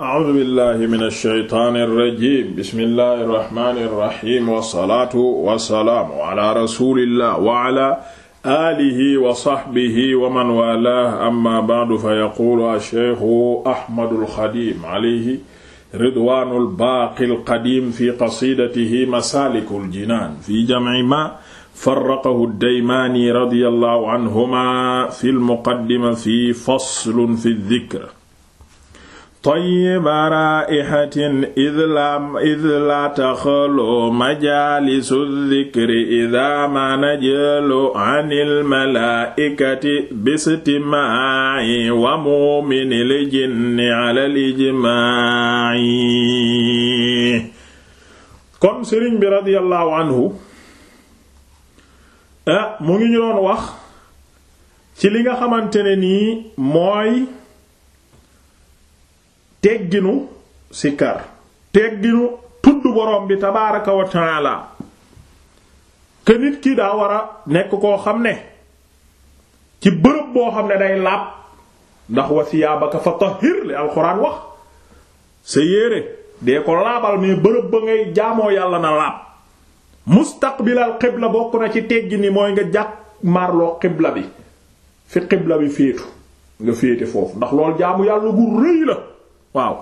a'uudu billahi mina shaytaani rajiim bismillahi rahmaani rahiim wasalaatu wasalaamu ala rasulillah wa ala aalihi wa sahbihi wa man waalaahu amma ba'du fa yaquulu ash-shaykhu Ahmadul Xadiim alayhi ridwaanul baaqil qadiim fi qasiidatihi masaalikul jinaan fi jam'i maa farraqahu ad-Daymaani radiyallahu anhumaa fil muqaddima fi faslun fi dhikr tayyiba raihatin id la id la taxalu majalisu dikri ida ma najalu anil malaikati bistimaa'i wa muminil jinni alal ijmaa'i kon sëriñ bi radiyallahu anhu ah mu ngi ñu doon wax ci li nga xamante ne nii mooy tegginu sikar tegginu tudd borom bi tabaaraka wa taala ki daa war a nekk koo xam ne ci bërëb boo xam ne day laab ndax wa siyaabaka fa tahhir li alxuraan wax sa yére dee ko laabal mais bërëb ba ngay jaamoo yàlla na laab mustaqbilal xibla bokk na ci teggi ni mooy nga jàkk marloo xibla bi fi xibla bi féetu nga féete foofu ndax loolu jaamu yàlla gu rëy la waaw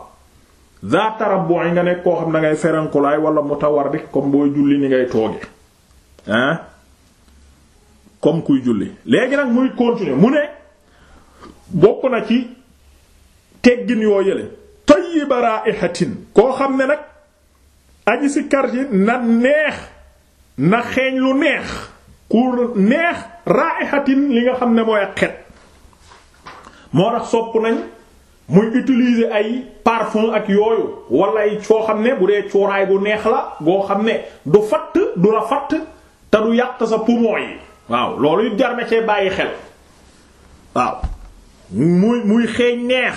za tarabbu'i nga nekk koo xam ne ngay ferenkulaay wala mutawarrik comme booy julli ni ngay tooge ah comme kuy julli léegi nag muy continuer mu ne bokk na ci teggin yoo yële tayyiba ra'ihatin koo xam ne nag aji si kar na neex na xeeñ lu neex ku neex ra'ihatin li nga xam ne mooy xet moo tax sopp nañ muy utilise ay parfum ak yooyu walla ay coo xam ne bu dee cuuraay bu neex la goo xam ne du fatt du la fatt te du yàq sa poumon yi waaw loolu it jar bàyyi xel waaw muy muy xeeñ neex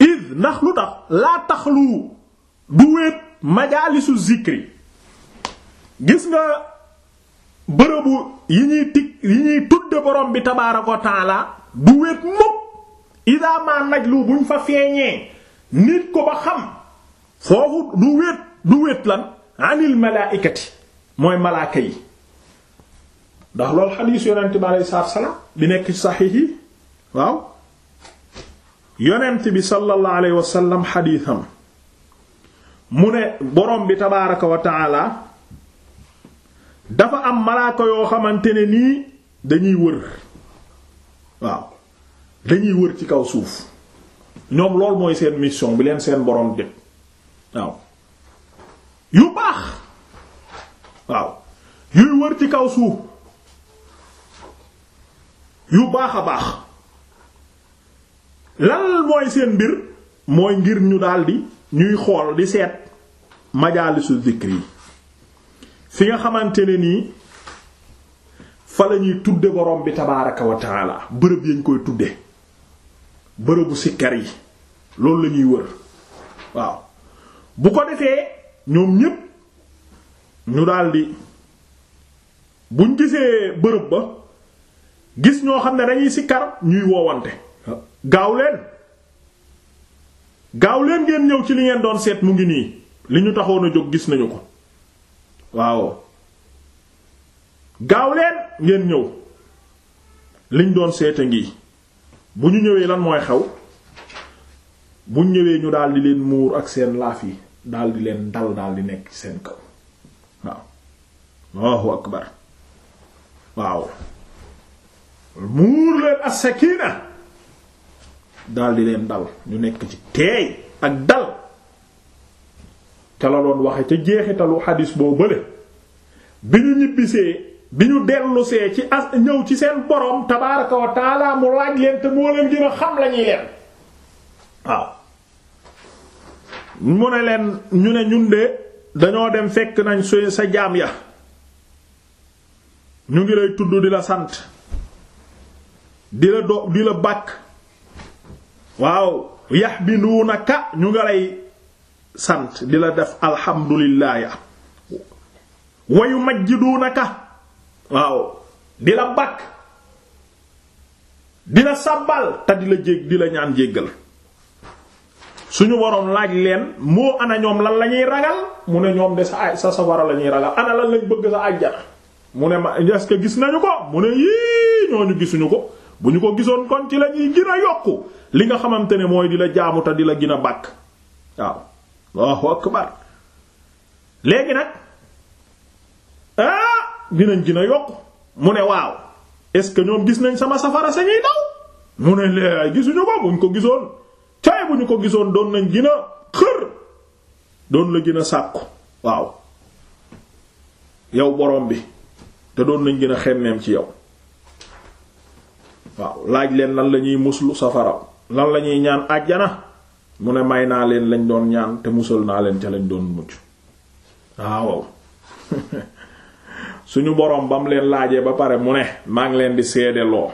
id ndax lu tax laa taxlu du wéet majaalisu zikri gis nga bërëbu yi ñuy tig yi ñuy tudde borom bi tabaaraka taala du wéet mukk ida ma najlu buñ fa feeñee nit ko ba xam foofu du wéet du wéet lan anil malaikati mooy malaaka yi ndax loolu xadiis yonent bi aleyhi salaatu salaam bi nekk saxiix yi waaw yonent bi sallallahu alayhi xadiisam mu ne borom bi tabaaraka wa dafa am malaaka yoo xamante ne nii dañuy wër waaw dañuy wër ci kaw suuf ñoom loolu mooy seen mission bi leen seen boroom dëkk waaw yu baax waaw yuy wër ci kaw suuf yu baax a baax lan mooy seen mbir mooy ngir ñu daldi ñuy xool di seet majaalisu zikri yi fi nga xamante ne nii fa la ñuy tudde boroom bi tabaaraka wa taala bërëb yañ koy tudde bërëbu sikkar yi loolu la ñuy wër waaw bu ko defee ñoom ñépp ñu daldi buñ gisee bërëb ba gis ñoo xam ne dañuy sikkar ñuy woowante gaaw leen gaaw leen ngeen ñëw ci li ngeen doon seet mu ngi nii li ñu taxoon a jóg gis nañu ko waaw gaaw leen ngeen ñëw liñ doon seet a ngi bu ñu ñëwee lan mooy xew bu ñu ñëwee ñu daal di leen muur ak seen laaf yi daldi leen dal daal di nekk seen kaw waaw Allahu akbar waaw muur leen as-sakina leen dal ñu nekk ci teey ak dal ca la doon waxe ca jeexitalu xadis boo bële bi ñu ñibbisee bi ñu dellusee ci as ñëw ci seen borom tabaaraka wa taala mu laaj leen te moo leen gën xam lañuy leen waaw mu ne leen ñu ne ñun de dañoo dem fekk nañ su sa jaam ya ñu ngi lay tudd di la sant di la do di la bàkk waaw yax bi nuu na ka ñu nga lay sant di la def alhamdulillah ya wayu majji duu na waaw di la bakk di la sàbbal te di la jég di la ñaan jéggal suñu waroon laaj leen moo ana ñoom lan la ñuy ragal mu ne ñoom de sa sa safara la ñuy ragal ana lan lañ bëgg sa àjjana mu ne ma est-ce gis nañu ko mu ne yii ñooñu gisuñu ko bu ñu ko gisoon kon ci lañuy ñuy gën li nga xamante ne mooy di la jaamu te di la gën a bàkk waaw Allahu akbar léegi nag ah, dinañ gën a yokk mu ne waaw est-ce que ñoom gis nañ sama safara sa ñuy mu ne lee gisuñu ko buñ ko gisoon caay bu ñu ko gisoon doon nañ gën a doon la gën a sàkku waaw yow borom bi te doon nañ gën a xemmeem ci yow waaw laaj leen lan la ñuy muslu safara lan la ñuy ñaan àjjana mu ne may naa leen lañ doon ñaan te musal naa leen ca lañ doon mucc waaw suñu boroom ba mu leen laajee ba pare mu ne maa ngi leen di seedeloo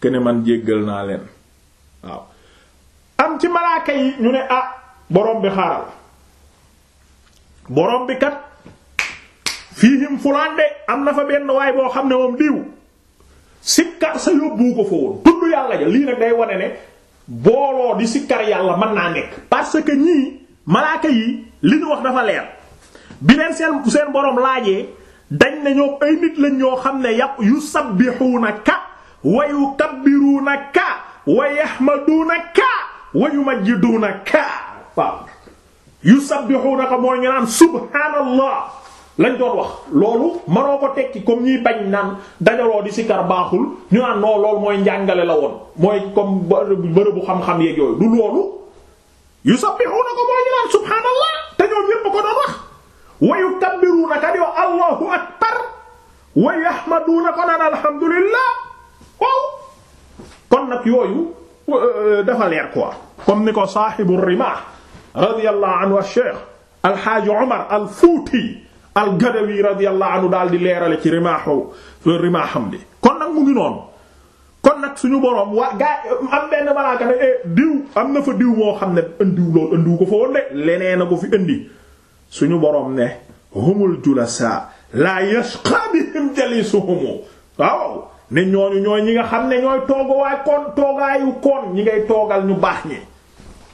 kene man jéggal naa leen waaw am ci malaaka yi ñu ne ah boroom bi xaaral boroom bi kat fiihim fulaan de am na fa benn waay boo xam ne moom diw sikkar sa yóbbu ko fa woon tudd yàlla ja lii nag day wane ne booloo di sikkar yàlla mën naa nekk parce que ñii malaaka yi li ñu wax dafa leer bi leen seen seen boroom laajee dañ ne ñoom ay nit lañ ñoo xam ne yu ka yàq yusabbihuunaka wa yukabbiruunaka wa yahmaduunaka wa yumajjiduunaka waaw yusabbihuunaka mooy ñu naan subhaanallah lañ doon wax loolu manoo ko tekki comme ñuy bañ naan dajaloo di sikar baaxul ñu naan non loolu mooy njàngale la woon mooy comme bërëbu xam-xam yeeg yooyu du loolu yusabbihuunaka mooy ñu naan subhaanallah te ñoom ñépp ko doon wax. wa yukabbiruuna ka di wax allahu akbar wa yahmaduuna ko naan alhamdulillah waaw kon nag yooyu euh, euh, dafa leer quoi comme ni ko saahibu rimaah radiyallahu anhu ash-shaykh daal di leerale ci rimaahu euh, bi kon nag mu ngi noonu kon nag suñu boroom waa gaa am benn malaaka ne eh, diw am na fa diw moo xam ne indiw loolu ko fa woon de leneen fi indi suñu boroom ne humul julasa la yashqa bihim jalisuhum waaw ne ñooñu ñoo ñi nga xam ne ñooy toogawaay toogaayu kon ñi ngay toogal ñu baax ñi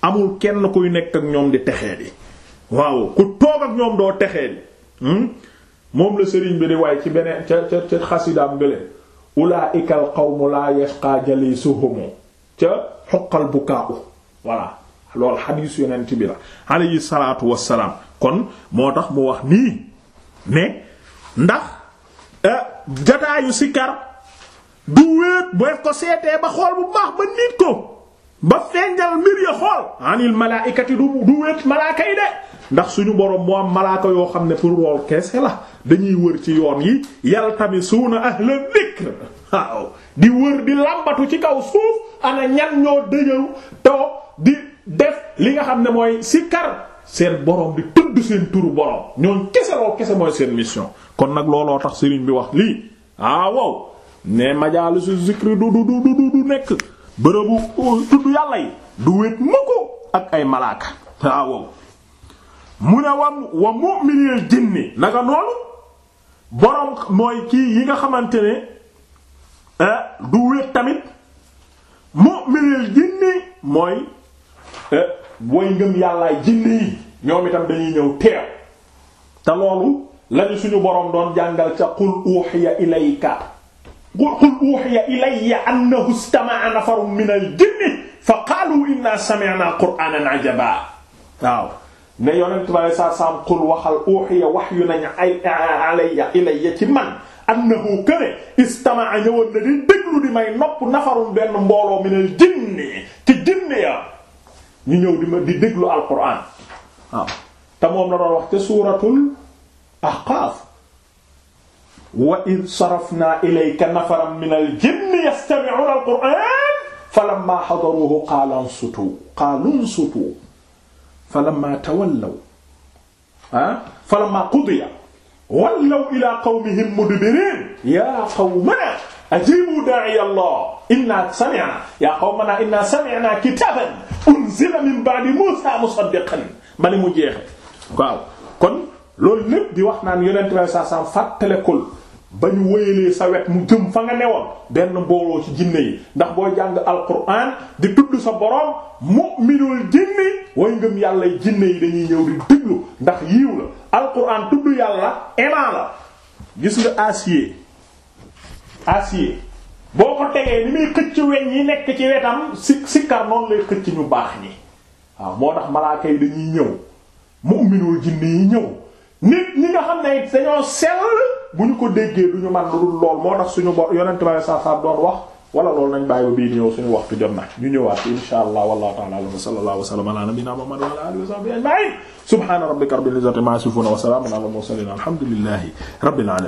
amul kenn kuy nekk ak ñoom di texee di waaw ku toog ak ñoom doo texee di hmm? moom la sëriñ bi di waaye ci beneen ca ca ca xasidaam gële ulaa'ikal qawmu la yashqa jalisuhum ca xoqal bukaa'u voilà lool xadiis yonent bi la alayhi salaatu wassalaam kon moo tax mu wax nii ne ndax eh, jataayu sikar du wéet booy ko seetee ba xool bu baax ba nit ko ba feeñal mbir xool anil malaaka ndax suñu boroom moo am malaaka yoo xam ne pour lool keese la dañuy wër ci yoon yi yaltamisuuna ahla dhikr waaw di wër di làmbatu ci kaw suuf ana ñan ñoo dëjëw to di def li nga xam ne mooy sikar seen borom bi tudd seen turu borom ñoon kese loo kese mooy seen mission kon nag looloo tax sëriñ bi wax lii ah wow ne majaalisu zikri du du du du du nekk bërëbu euh, tudd yàlla yi du wéet mukk ak ay malaaka ah wow mu ne wa wa mu'minil jinni naka noonu borom mooy kii yi nga xamante ne eh, du wéet tamit mu'minil jinni mooy way eh, ngëm yàllaay jinne yi ñoom itam dañuy ñëw teew te loolu lañu suñu boroom doon jàngal ca qul uhiya ilayka qul uhiya ilayya annahu istama'a nafarun min al-jinni fa qaalu inna sami'na qur'anan ajaba waaw ne yonent bi saa saam qul waxal uhiya wahyun ay alayya ilayya ci man annahu kaana istama'a ñëwoon na di déglu di may nopp nafarun benn mbooloo min al-jinni ci jinne ya ñu ñëw di ma di déglu alquran waaw te moom la doon wax ca suuratul ahqaaf wa id sarafna ilayka nafaran min al jinni yastami'una al qur'an falamma hadaruhu qaalu ansutu qaalu ansutu falamma tawallaw ah falamma qudiya wallaw ila qawmihim mudbirin ya qawmana ajibu da'iya allah inna sami'na ya qawmana inna sami'na kitaban pour unzila min ba'di Musa musaddiqan ba ni mu jeexe waaw kon loolu lépp di wax naan yonent bi saa saa fàttalikul ba ñu wéyalee sa wet mu jëm fa nga newoon benn mbooloo ci jinne yi ndax booy jàng alquran di tudd sa boroom mu'minul jinni way ngëm yàlla jinne yi dañuy ñëw di déglu ndax yiiw la alquran tudd yàlla élan la gis nga acier acier boo ko tegee ni muy xëcc weñ yi nekk ci wetam si sikkar noonu lay xëcc ñu baax ñi waaw moo tax malaaka yi dañuy ñëw mu'minul jinne yi ñëw nit ñi nga xam ne dañoo sell bu ñu ko déggee du man lu dul lool moo tax suñu bo yonent bale saa saa doon wax wala loolu nañ bàyyi bii di ñëw suñu waxtu jot na ñu ñëwaat ci insha allah wallahu ta'ala wa sallallahu wa sallama ala nabiyyina muhammad wa ala alihi wa ma yasifun wa salamun ala al alhamdulillahi rabbil alamin